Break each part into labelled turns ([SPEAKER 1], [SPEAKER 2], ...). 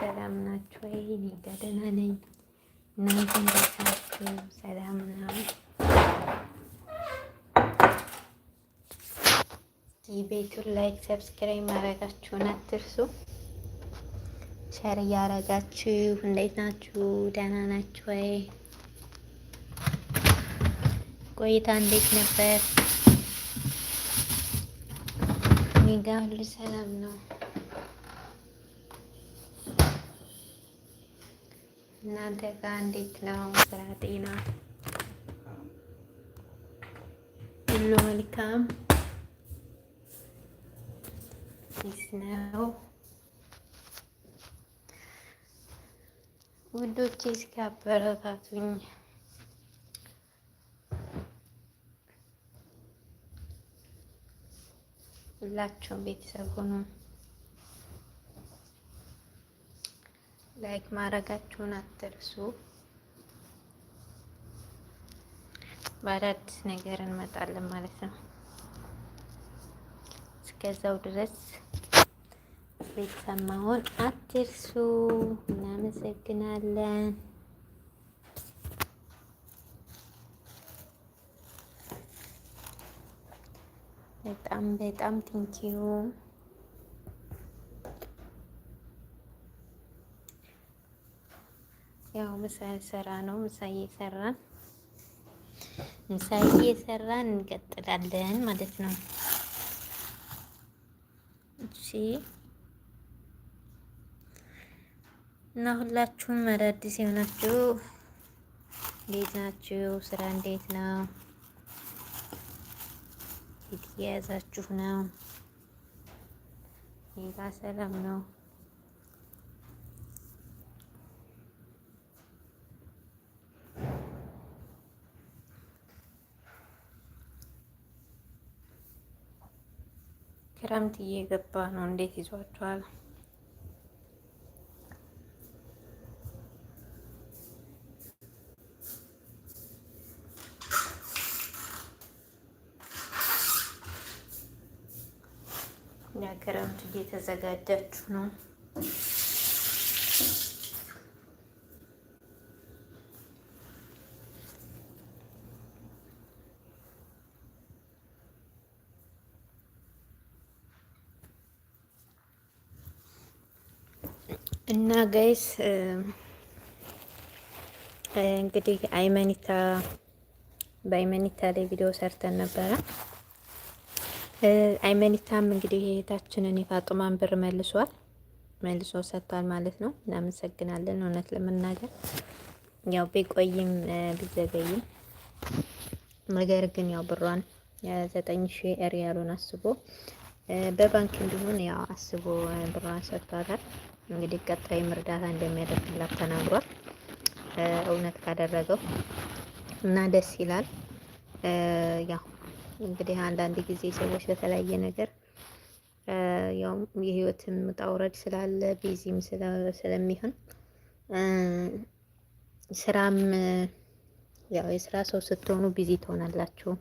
[SPEAKER 1] ሰላም ናችሁ ወይ? እኔ ጋ ደህና ነኝ። እናንተ እንዴት ናችሁ? ሰላም ነው? የቤቱን ላይክ፣ ሰብስክራይብ ማድረጋችሁን አትርሱ። ሸር እያረጋችሁ እንዴት ናችሁ? ደህና ናችሁ ወይ? ቆይታ እንዴት ነበር? እኔ ጋ ሁሉ ሰላም ነው። እናንተ ጋር እንዴት ነው ስራ፣ ጤና ሁሉ መልካም ነው ውዶቼ? እስኪ አበረታቱኝ። ሁላችሁም ቤተሰብ ሆኑ። ላይክ ማድረጋችሁን አትርሱ። በአዳዲስ ነገር እንመጣለን ማለት ነው። እስከዛው ድረስ ቤተሰብ መሆን አትርሱ። እናመሰግናለን። በጣም በጣም ቲንኪዩ ያው ምሳ ሰራ ነው። ምሳ እየሰራን ምሳ እየሰራን እንቀጥላለን ማለት ነው። እሺ እና ሁላችሁም አዳዲስ የሆናችሁ እንዴት ናችሁ? ስራ እንዴት ነው? የት እየያዛችሁ ነው? እኔ ሰላም ነው። ክረምት እየገባ ነው። እንዴት ይዟችኋል? ለክረምት እየተዘጋጃችሁ ነው? እና ጋይስ እንግዲህ አይመኒታ በአይመኒታ ላይ ቪዲዮ ሰርተን ነበረ። አይመኒታም እንግዲህ የእህታችንን የፋጡማን ብር መልሷል መልሶ ሰጥቷል ማለት ነው። እናመሰግናለን። እውነት ለመናገር ያው ቢቆይም ቢዘገይም ነገር ግን ያው ብሯን ዘጠኝ ሺህ ሪያሉን አስቦ በባንክ እንዲሆን ያው አስቦ ብሯን ሰጥቷታል። እንግዲህ ቀጣይም እርዳታ እንደሚያደርግላት ተናግሯል። እውነት ካደረገው እና ደስ ይላል። ያው እንግዲህ አንዳንድ ጊዜ ሰዎች በተለያየ ነገር ያው የህይወትም ውጣ ውረድ ስላለ ቢዚም ስለሚሆን ስራም ያው የስራ ሰው ስትሆኑ ቢዚ ትሆናላችሁ።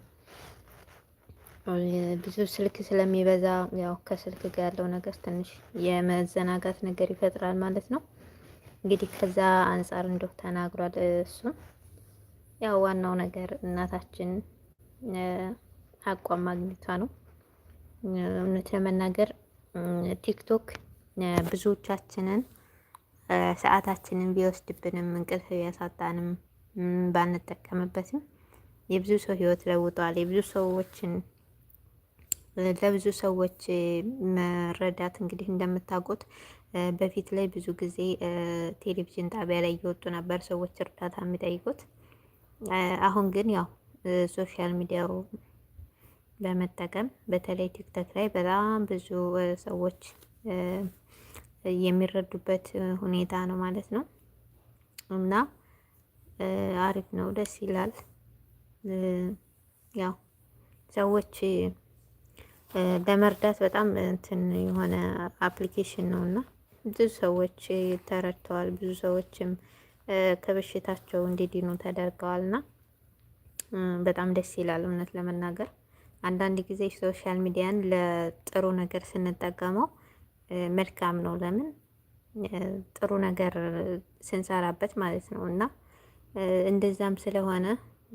[SPEAKER 1] ብዙ ስልክ ስለሚበዛ ያው ከስልክ ጋር ያለው ነገር ትንሽ የመዘናጋት ነገር ይፈጥራል ማለት ነው። እንግዲህ ከዛ አንጻር እንደው ተናግሯል። እሱም ያው ዋናው ነገር እናታችን አቋም ማግኘቷ ነው። እውነት ለመናገር ቲክቶክ ብዙዎቻችንን ሰዓታችንን ቢወስድብንም እንቅልፍ ቢያሳጣንም ባንጠቀምበትም የብዙ ሰው ህይወት ለውጧል። የብዙ ሰዎችን ለብዙ ሰዎች መረዳት እንግዲህ እንደምታውቁት በፊት ላይ ብዙ ጊዜ ቴሌቪዥን ጣቢያ ላይ እየወጡ ነበር ሰዎች እርዳታ የሚጠይቁት። አሁን ግን ያው ሶሻል ሚዲያው በመጠቀም በተለይ ቲክቶክ ላይ በጣም ብዙ ሰዎች የሚረዱበት ሁኔታ ነው ማለት ነው። እና አሪፍ ነው፣ ደስ ይላል። ያው ሰዎች ለመርዳት በጣም እንትን የሆነ አፕሊኬሽን ነው እና ብዙ ሰዎች ተረድተዋል። ብዙ ሰዎችም ከበሽታቸው እንዲድኑ ተደርገዋል እና በጣም ደስ ይላል። እውነት ለመናገር አንዳንድ ጊዜ ሶሻል ሚዲያን ለጥሩ ነገር ስንጠቀመው መልካም ነው። ለምን ጥሩ ነገር ስንሰራበት ማለት ነው እና እንደዛም ስለሆነ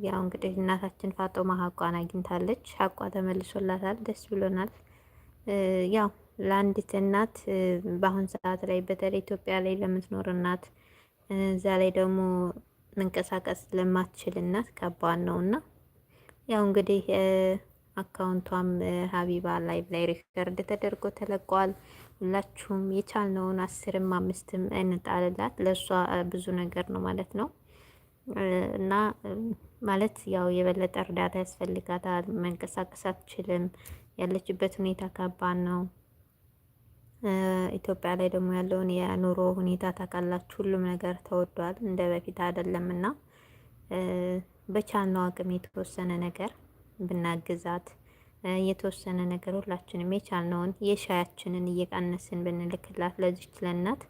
[SPEAKER 1] ያው እንግዲህ እናታችን ፋጦማ ሀቋን አግኝታለች። ሀቋ ተመልሶላታል። ደስ ብሎናል። ያው ለአንዲት እናት በአሁን ሰዓት ላይ በተለይ ኢትዮጵያ ላይ ለምትኖር እናት እዛ ላይ ደግሞ መንቀሳቀስ ለማትችል እናት ከባድ ነው እና ያው እንግዲህ አካውንቷም ሀቢባ ላይቭ ላይ ሪከርድ ተደርጎ ተለቋል። ሁላችሁም የቻልነውን አስርም አምስትም እንጣልላት። ለእሷ ብዙ ነገር ነው ማለት ነው እና ማለት ያው የበለጠ እርዳታ ያስፈልጋታል። መንቀሳቀስ አትችልም። ያለችበት ሁኔታ ከባድ ነው። ኢትዮጵያ ላይ ደግሞ ያለውን የኑሮ ሁኔታ ታውቃላችሁ። ሁሉም ነገር ተወዷል፣ እንደ በፊት አይደለም እና በቻልነው አቅም የተወሰነ ነገር ብናግዛት የተወሰነ ነገር ሁላችንም የቻልነውን የሻያችንን እየቀነስን ብንልክላት ለዚች ለእናት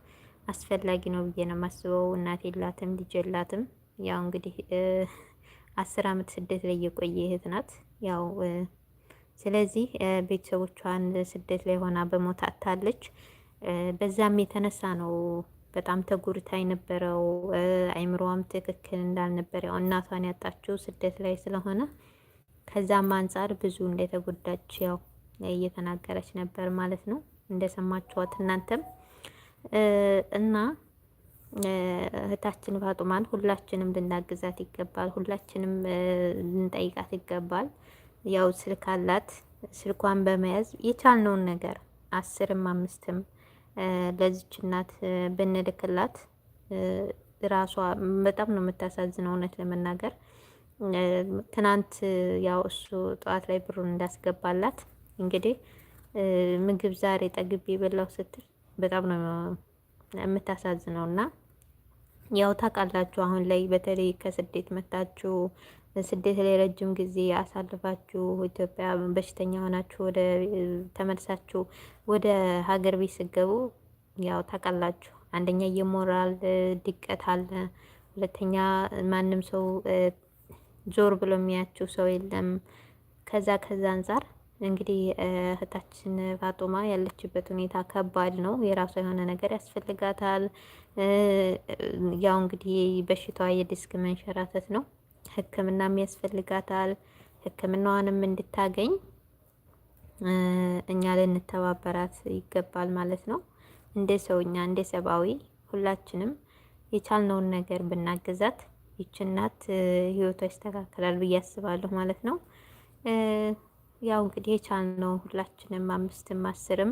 [SPEAKER 1] አስፈላጊ ነው ብዬ ነው የማስበው። እናት የላትም ልጅ የላትም። ያው እንግዲህ አስር አመት ስደት ላይ የቆየ እህት ናት። ያው ስለዚህ ቤተሰቦቿን ስደት ላይ ሆና በሞት አታለች። በዛም የተነሳ ነው በጣም ተጉርታ የነበረው አይምሮዋም ትክክል እንዳልነበር ያው እናቷን ያጣችው ስደት ላይ ስለሆነ ከዛም አንጻር ብዙ እንደተጎዳች ያው እየተናገረች ነበር ማለት ነው እንደሰማችኋት እናንተም እና እህታችን ፋጡማን ሁላችንም ልናግዛት ይገባል። ሁላችንም ልንጠይቃት ይገባል። ያው ስልክ አላት። ስልኳን በመያዝ የቻልነውን ነገር አስርም አምስትም ለዚች እናት ብንልክላት ራሷ በጣም ነው የምታሳዝነው። እውነት ለመናገር ትናንት ያው እሱ ጠዋት ላይ ብሩን እንዳስገባላት እንግዲህ ምግብ ዛሬ ጠግቤ በላው ስትል በጣም ነው የምታሳዝነው እና ያው ታውቃላችሁ አሁን ላይ በተለይ ከስደት መታችሁ ስደት ላይ ረጅም ጊዜ አሳልፋችሁ ኢትዮጵያ በሽተኛ ሆናችሁ ወደ ተመልሳችሁ ወደ ሀገር ቤት ስገቡ ያው ታውቃላችሁ፣ አንደኛ የሞራል ድቀት አለ፣ ሁለተኛ ማንም ሰው ዞር ብሎ የሚያችሁ ሰው የለም። ከዛ ከዛ አንጻር እንግዲህ እህታችን ፋጡማ ያለችበት ሁኔታ ከባድ ነው። የራሷ የሆነ ነገር ያስፈልጋታል። ያው እንግዲህ በሽታዋ የዲስክ መንሸራተት ነው። ሕክምናም ያስፈልጋታል። ሕክምናዋንም እንድታገኝ እኛ ልንተባበራት ይገባል ማለት ነው። እንደ ሰውኛ እንደ ሰብአዊ ሁላችንም የቻልነውን ነገር ብናግዛት ይችናት ህይወቷ ይስተካከላል ብዬ አስባለሁ ማለት ነው። ያው እንግዲህ ነው ሁላችንም አምስትም አስርም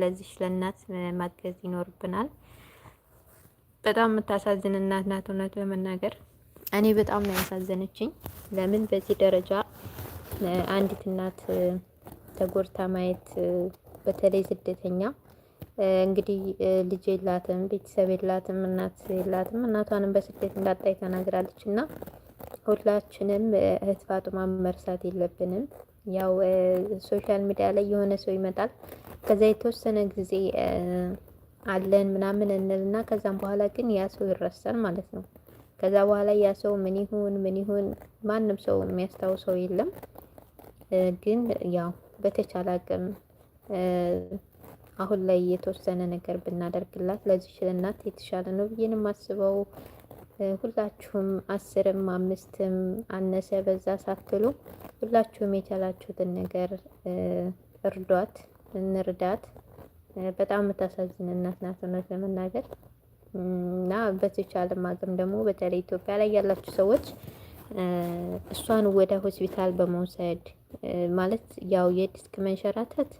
[SPEAKER 1] ለዚች ለእናት ማገዝ ይኖርብናል። በጣም የምታሳዝን እናት ናት። እውነት ለመናገር እኔ በጣም ነው ያሳዘነችኝ። ለምን በዚህ ደረጃ አንዲት እናት ተጎድታ ማየት፣ በተለይ ስደተኛ እንግዲህ ልጅ የላትም፣ ቤተሰብ የላትም፣ እናት የላትም። እናቷንም በስደት እንዳጣይ ተናግራለች እና ሁላችንም እህት ፋጡማን መርሳት የለብንም። ያው ሶሻል ሚዲያ ላይ የሆነ ሰው ይመጣል። ከዛ የተወሰነ ጊዜ አለን ምናምን እንልና ከዛም በኋላ ግን ያ ሰው ይረሳል ማለት ነው። ከዛ በኋላ ያ ሰው ምን ይሁን ምን ይሁን ማንም ሰው የሚያስታውሰው የለም። ግን ያው በተቻለ አቅም አሁን ላይ የተወሰነ ነገር ብናደርግላት ለዚህ ችልናት የተሻለ ነው ብዬንም አስበው ሁላችሁም አስርም አምስትም አነሰ በዛ ሳትሉ ሁላችሁም የቻላችሁትን ነገር እርዷት፣ እንርዳት። በጣም የምታሳዝን እናት ናት እውነት ለመናገር እና በተቻለም አቅም ደግሞ በተለይ ኢትዮጵያ ላይ ያላችሁ ሰዎች እሷን ወደ ሆስፒታል በመውሰድ ማለት ያው የዲስክ መንሸራተት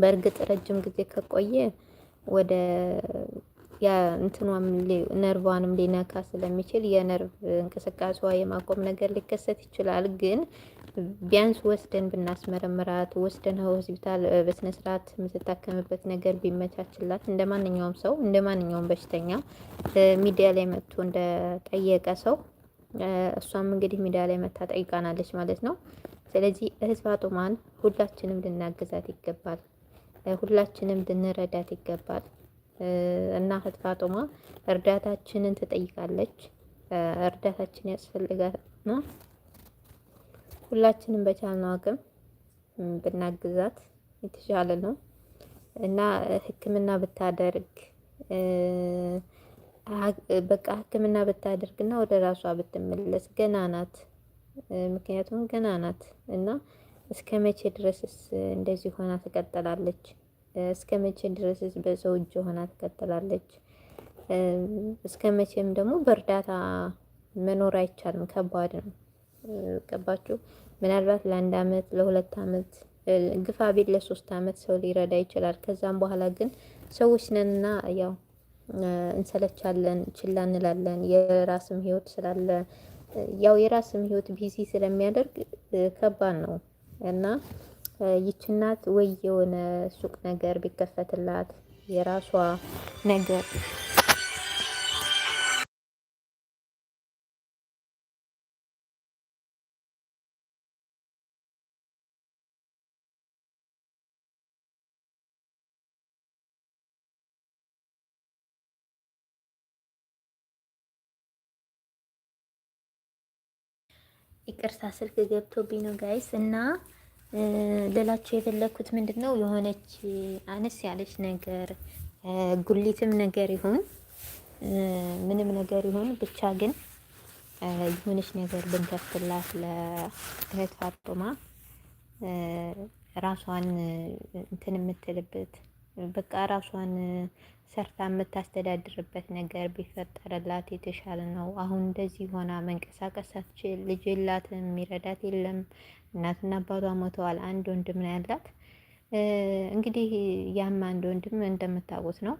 [SPEAKER 1] በእርግጥ ረጅም ጊዜ ከቆየ ወደ እንትኗም ነርቧንም ሊነካ ስለሚችል የነርቭ እንቅስቃሴዋ የማቆም ነገር ሊከሰት ይችላል። ግን ቢያንስ ወስደን ብናስመረምራት ወስደን ሆስፒታል በስነስርዓት የምትታከምበት ነገር ቢመቻችላት እንደ ማንኛውም ሰው እንደ ማንኛውም በሽተኛ ሚዲያ ላይ መጥቶ እንደጠየቀ ሰው እሷም እንግዲህ ሚዲያ ላይ መታ ጠይቃናለች ማለት ነው። ስለዚህ እህት አጡማን ሁላችንም ልናግዛት ይገባል። ሁላችንም ልንረዳት ይገባል። እና እህት ፋጡማ እርዳታችንን ትጠይቃለች። እርዳታችን ያስፈልጋትና ሁላችንም በቻልነው አቅም ብናግዛት የተሻለ ነው እና ሕክምና ብታደርግ በቃ ሕክምና ብታደርግና ወደ ራሷ ብትመለስ ገና ናት። ምክንያቱም ገና ናት እና እስከ መቼ ድረስስ እንደዚህ ሆና ትቀጥላለች? እስከ መቼ ድረስስ በሰው እጅ ሆና ትከተላለች? እስከ መቼም ደግሞ በእርዳታ መኖር አይቻልም። ከባድ ነው። ገባችሁ? ምናልባት ለአንድ አመት ለሁለት አመት ግፋ ቤት ለሶስት አመት ሰው ሊረዳ ይችላል። ከዛም በኋላ ግን ሰዎች ነንና ያው እንሰለቻለን፣ ችላ እንላለን። የራስም ህይወት ስላለ ያው የራስም ህይወት ቢዚ ስለሚያደርግ ከባድ ነው እና ይች እናት ወይ የሆነ ሱቅ ነገር ቢከፈትላት የራሷ ነገር ይቅርታ ስልክ ገብቶብኝ ነው ጋይስ እና ልላችሁ የፈለኩት ምንድን ነው የሆነች አነስ ያለች ነገር ጉሊትም ነገር ይሁን ምንም ነገር ይሁን ብቻ ግን የሆነች ነገር ብንከፍትላት ለእህት ፋጡማ ራሷን እንትን የምትልበት በቃ ራሷን ሰርታ የምታስተዳድርበት ነገር ቢፈጠርላት የተሻለ ነው። አሁን እንደዚህ ሆና መንቀሳቀስ አትችል፣ ልጅ የላትም፣ የሚረዳት የለም። እናትና አባቷ ሞተዋል። አንድ ወንድም ነው ያላት። እንግዲህ ያም አንድ ወንድም እንደምታውቁት ነው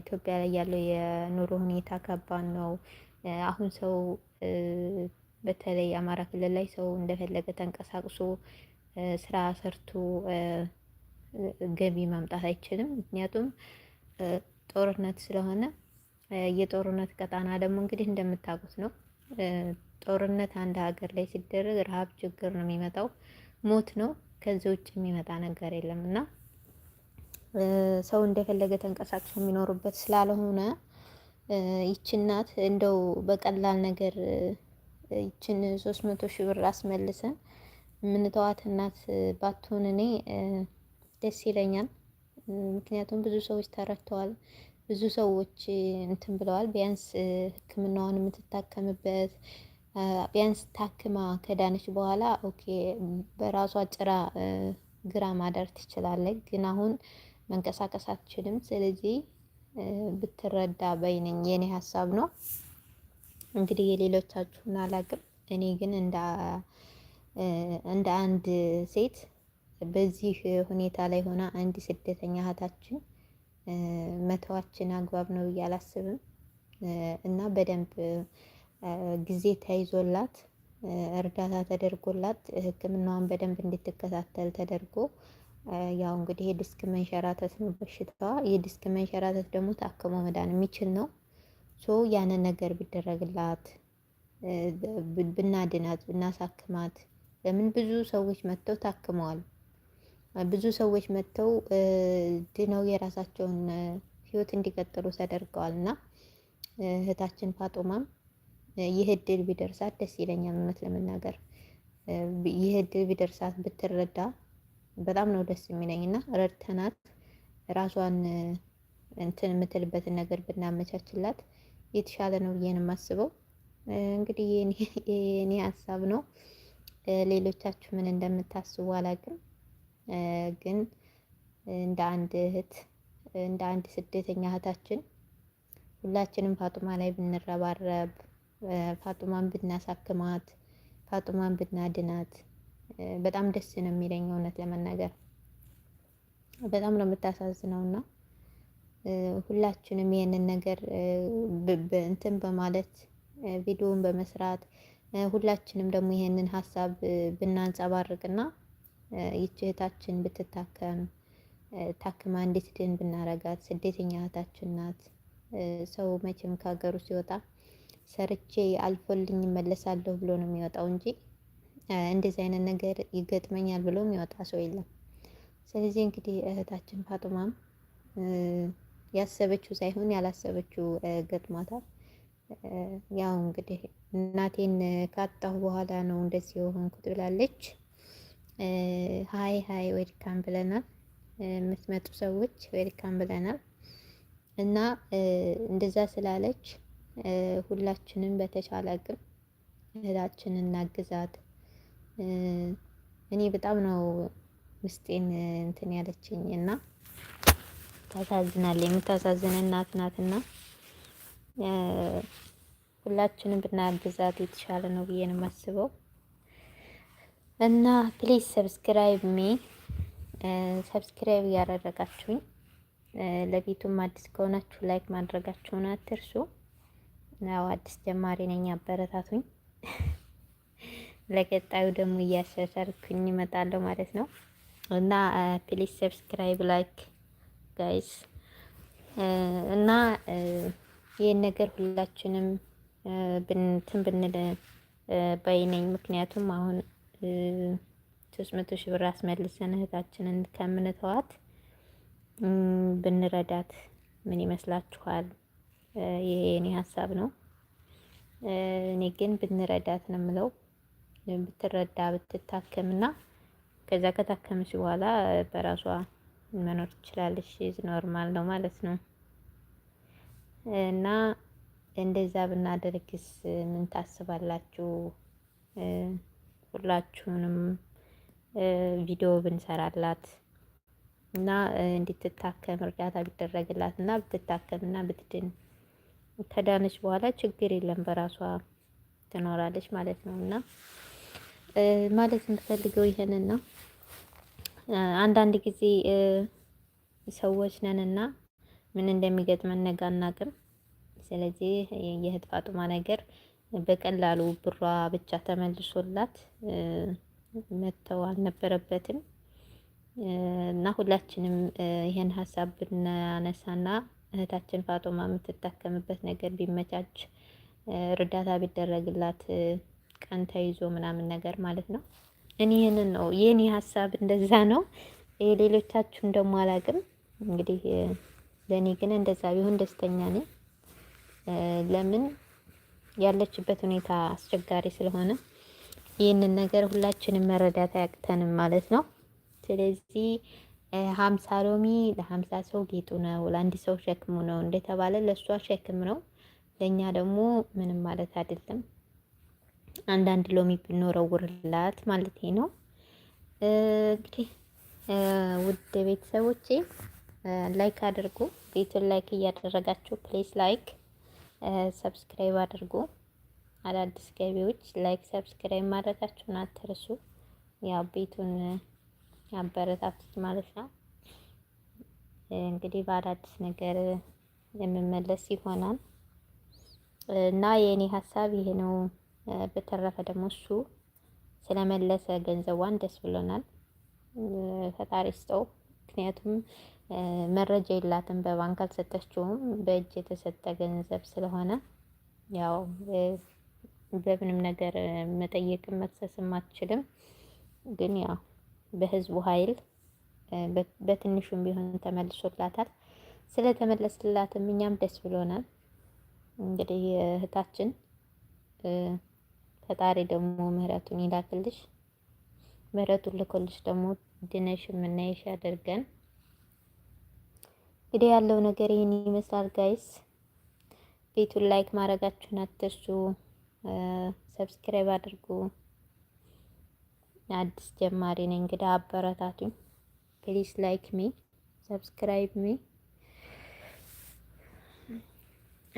[SPEAKER 1] ኢትዮጵያ ላይ ያለው የኑሮ ሁኔታ ከባድ ነው። አሁን ሰው በተለይ አማራ ክልል ላይ ሰው እንደፈለገ ተንቀሳቅሶ ስራ ሰርቶ ገቢ ማምጣት አይችልም። ምክንያቱም ጦርነት ስለሆነ የጦርነት ቀጣና ደግሞ እንግዲህ እንደምታውቁት ነው። ጦርነት አንድ ሀገር ላይ ሲደረግ ረሀብ፣ ችግር ነው የሚመጣው፣ ሞት ነው። ከዚህ ውጭ የሚመጣ ነገር የለም እና ሰው እንደፈለገ ተንቀሳቅሶ የሚኖሩበት ስላልሆነ ይች እናት እንደው በቀላል ነገር ይችን ሶስት መቶ ሺህ ብር አስመልሰን የምንተዋት እናት ባትሆን እኔ ደስ ይለኛል። ምክንያቱም ብዙ ሰዎች ተረድተዋል፣ ብዙ ሰዎች እንትን ብለዋል። ቢያንስ ሕክምናዋን የምትታከምበት ቢያንስ ታክማ ከዳነች በኋላ ኦኬ በራሷ ጭራ ግራ ማደር ትችላለች። ግን አሁን መንቀሳቀስ አትችልም። ስለዚህ ብትረዳ በይነኝ የኔ ሀሳብ ነው። እንግዲህ የሌሎቻችሁን አላቅም። እኔ ግን እንደ አንድ ሴት በዚህ ሁኔታ ላይ ሆና አንድ ስደተኛ እህታችን መተዋችን አግባብ ነው ብዬ አላስብም እና በደንብ ጊዜ ተይዞላት እርዳታ ተደርጎላት ሕክምናዋን በደንብ እንድትከታተል ተደርጎ ያው እንግዲህ የዲስክ መንሸራተት ነው በሽታዋ። የዲስክ መንሸራተት ደግሞ ታክሞ መዳን የሚችል ነው። ሶ ያንን ነገር ቢደረግላት ብናድናት ብናሳክማት። ለምን ብዙ ሰዎች መጥተው ታክመዋል። ብዙ ሰዎች መጥተው ድነው የራሳቸውን ህይወት እንዲቀጥሉ ተደርገዋል እና እህታችን ፋጡማም ይህ እድል ቢደርሳት ደስ ይለኛል። እውነት ለመናገር ይህ እድል ቢደርሳት ብትረዳ በጣም ነው ደስ የሚለኝ እና ረድተናት ራሷን እንትን የምትልበትን ነገር ብናመቻችላት የተሻለ ነው ብዬ ነው የማስበው። እንግዲህ የኔ ሀሳብ ነው። ሌሎቻችሁ ምን እንደምታስቡ አላውቅም፣ ግን እንደ አንድ እህት እንደ አንድ ስደተኛ እህታችን ሁላችንም ፋጡማ ላይ ብንረባረብ ፋጡማን ብናሳክማት፣ ፋጡማን ብናድናት በጣም ደስ ነው የሚለኝ። እውነት ለመናገር በጣም ነው የምታሳዝነው እና ሁላችንም ይህንን ነገር እንትን በማለት ቪዲዮን በመስራት ሁላችንም ደግሞ ይህንን ሀሳብ ብናንጸባርቅና ይች እህታችን ብትታከም ታክማ እንዴት ድን ብናረጋት። ስደተኛ እህታችን ናት። ሰው መቼም ከሀገሩ ሲወጣ ሰርቼ አልፎልኝ መለሳለሁ ብሎ ነው የሚወጣው እንጂ እንደዚህ አይነት ነገር ይገጥመኛል ብሎ የሚወጣ ሰው የለም። ስለዚህ እንግዲህ እህታችን ፋጡማም ያሰበችው ሳይሆን ያላሰበችው ገጥሟታል። ያው እንግዲህ እናቴን ካጣሁ በኋላ ነው እንደዚህ የሆንኩት ብላለች። ሀይ ሀይ ዌልካም ብለናል። የምትመጡ ሰዎች ዌልካም ብለናል እና እንደዛ ስላለች ሁላችንም በተቻለ አቅም እህታችንን እናግዛት። እኔ በጣም ነው ምስጤን እንትን ያለችኝ እና ታሳዝናለች። የምታሳዝን እናት ናትና ሁላችንም ብናግዛት የተሻለ ነው ብዬ ነው የማስበው። እና ፕሊዝ ሰብስክራይብ ሜ ሰብስክራይብ እያደረጋችሁኝ ለቤቱም አዲስ ከሆናችሁ ላይክ ማድረጋችሁን አትርሱ። ነው አዲስ ጀማሪ ነኝ፣ አበረታቱኝ። ለቀጣዩ ደግሞ እያሻሻልኩኝ እመጣለሁ ማለት ነው እና ፕሊስ ሰብስክራይብ ላይክ ጋይስ እና ይህን ነገር ሁላችንም እንትን ብንል ባይነኝ ምክንያቱም አሁን ሶስት መቶ ሺህ ብር አስመልሰን እህታችንን ከምንተዋት ብንረዳት ምን ይመስላችኋል? ይሄ የኔ ሀሳብ ነው። እኔ ግን ብንረዳት ነው የምለው። ብትረዳ ብትታከምና ከዛ ከታከመች በኋላ በራሷ መኖር ትችላለች። ኖርማል ነው ማለት ነው። እና እንደዛ ብናደርግስ ምን ታስባላችሁ? ሁላችሁንም ቪዲዮ ብንሰራላት እና እንድትታከም እርዳታ ቢደረግላት እና ብትታከምና ብትድን ከዳነች በኋላ ችግር የለም በራሷ ትኖራለች ማለት ነው። እና ማለት የምፈልገው ይሄንን ነው። አንዳንድ ጊዜ ሰዎች ነን እና ምን እንደሚገጥመን ነገ አናውቅም። ስለዚህ የእህት ፋጡማ ነገር በቀላሉ ብሯ ብቻ ተመልሶላት መተው አልነበረበትም እና ሁላችንም ይህን ሀሳብ ብናነሳና እህታችን ፋጦማ የምትታከምበት ነገር ቢመቻች እርዳታ ቢደረግላት ቀን ተይዞ ምናምን ነገር ማለት ነው። እኔ ይህንን ነው የኔ ሀሳብ እንደዛ ነው። የሌሎቻችሁን ደግሞ አላውቅም። እንግዲህ ለእኔ ግን እንደዛ ቢሆን ደስተኛ ነኝ። ለምን ያለችበት ሁኔታ አስቸጋሪ ስለሆነ ይህንን ነገር ሁላችንም መረዳት አያቅተንም ማለት ነው። ስለዚህ ሀምሳ ሎሚ ለሀምሳ ሰው ጌጡ ነው፣ ለአንድ ሰው ሸክሙ ነው እንደተባለ ለእሷ ሸክም ነው፣ ለእኛ ደግሞ ምንም ማለት አይደለም። አንዳንድ ሎሚ ብንወረውርላት ማለት ነው። እንግዲህ ውድ ቤተሰቦቼ ላይክ አድርጉ፣ ቤቱን ላይክ እያደረጋችሁ ፕሌስ ላይክ ሰብስክራይብ አድርጉ። አዳዲስ ገቢዎች ላይክ ሰብስክራይብ ማድረጋችሁን አትርሱ። ያው ቤቱን ያበረታቱት ማለት ነው። እንግዲህ በአዳዲስ ነገር የምመለስ ይሆናል እና የእኔ ሀሳብ ይሄ ነው። በተረፈ ደግሞ እሱ ስለመለሰ ገንዘቧን ደስ ብሎናል። ፈጣሪ ስጠው። ምክንያቱም መረጃ የላትም በባንክ አልሰጠችውም። በእጅ የተሰጠ ገንዘብ ስለሆነ ያው በምንም ነገር መጠየቅም መክሰስም አትችልም። ግን ያው በህዝቡ ኃይል በትንሹም ቢሆን ተመልሶላታል። ስለተመለስላትም እኛም ደስ ብሎናል። እንግዲህ እህታችን ፈጣሪ ደግሞ ምህረቱን ይላክልሽ። ምህረቱን ልኮልሽ ደግሞ ድነሽ የምናይሽ ያደርገን። እንግዲህ ያለው ነገር ይህን ይመስላል። ጋይስ ቤቱን ላይክ ማድረጋችሁን አትርሱ፣ ሰብስክራይብ አድርጉ። አዲስ ጀማሪ ነኝ። እንግዲህ አበረታቱኝ ፕሊስ፣ ላይክ ሚ፣ ሰብስክራይብ ሚ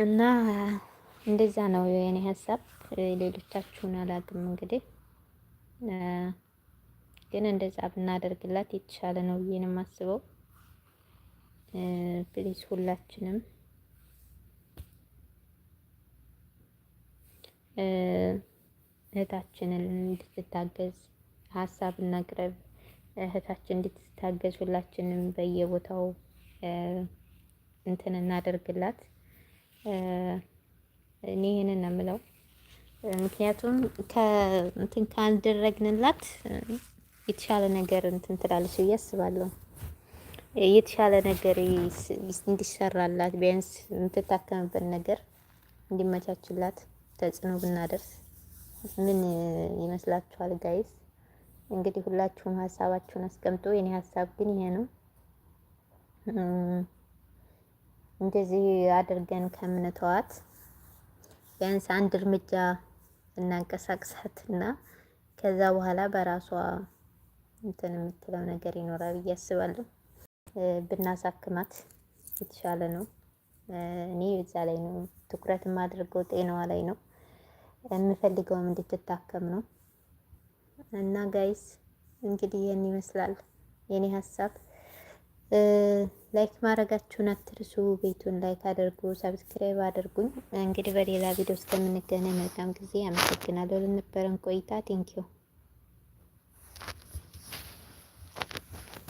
[SPEAKER 1] እና እንደዛ ነው የኔ ሀሳብ። ሌሎቻችሁን አላግም እንግዲህ ግን እንደዛ ብናደርግላት የተሻለ ነው ብዬ ነው የማስበው። ፕሊስ ሁላችንም እህታችንን እንድትታገዝ ሀሳብ እናቅርብ። እህታችን እንድትታገዝ ሁላችንም በየቦታው እንትን እናደርግላት። እኔ ይህንን ነው የምለው። ምክንያቱም ከእንትን ካልደረግንላት የተሻለ ነገር እንትን ትላለች ብዬ አስባለሁ። የተሻለ ነገር እንዲሰራላት ቢያንስ የምትታከምበት ነገር እንዲመቻችላት ተጽዕኖ ብናደርስ ምን ይመስላችኋል ጋይስ? እንግዲህ ሁላችሁም ሀሳባችሁን አስቀምጡ። የኔ ሀሳብ ግን ይሄ ነው። እንደዚህ አድርገን ከምንተዋት ቢያንስ አንድ እርምጃ እናንቀሳቅሳትና ከዛ በኋላ በራሷ እንትን የምትለው ነገር ይኖራል ብዬ አስባለሁ። ብናሳክማት የተሻለ ነው። እኔ እዛ ላይ ነው ትኩረት የማደርገው፣ ጤናዋ ላይ ነው የምፈልገውም እንድትታከም ነው። እና ጋይስ እንግዲህ ይህን ይመስላል የኔ ሀሳብ። ላይክ ማድረጋችሁን አትርሱ። ቤቱን ላይክ አድርጉ፣ ሰብስክራይብ አድርጉኝ። እንግዲህ በሌላ ቪዲዮ እስከምንገናኝ መልካም ጊዜ። አመሰግናለሁ ለነበረን ቆይታ ቴንኪው።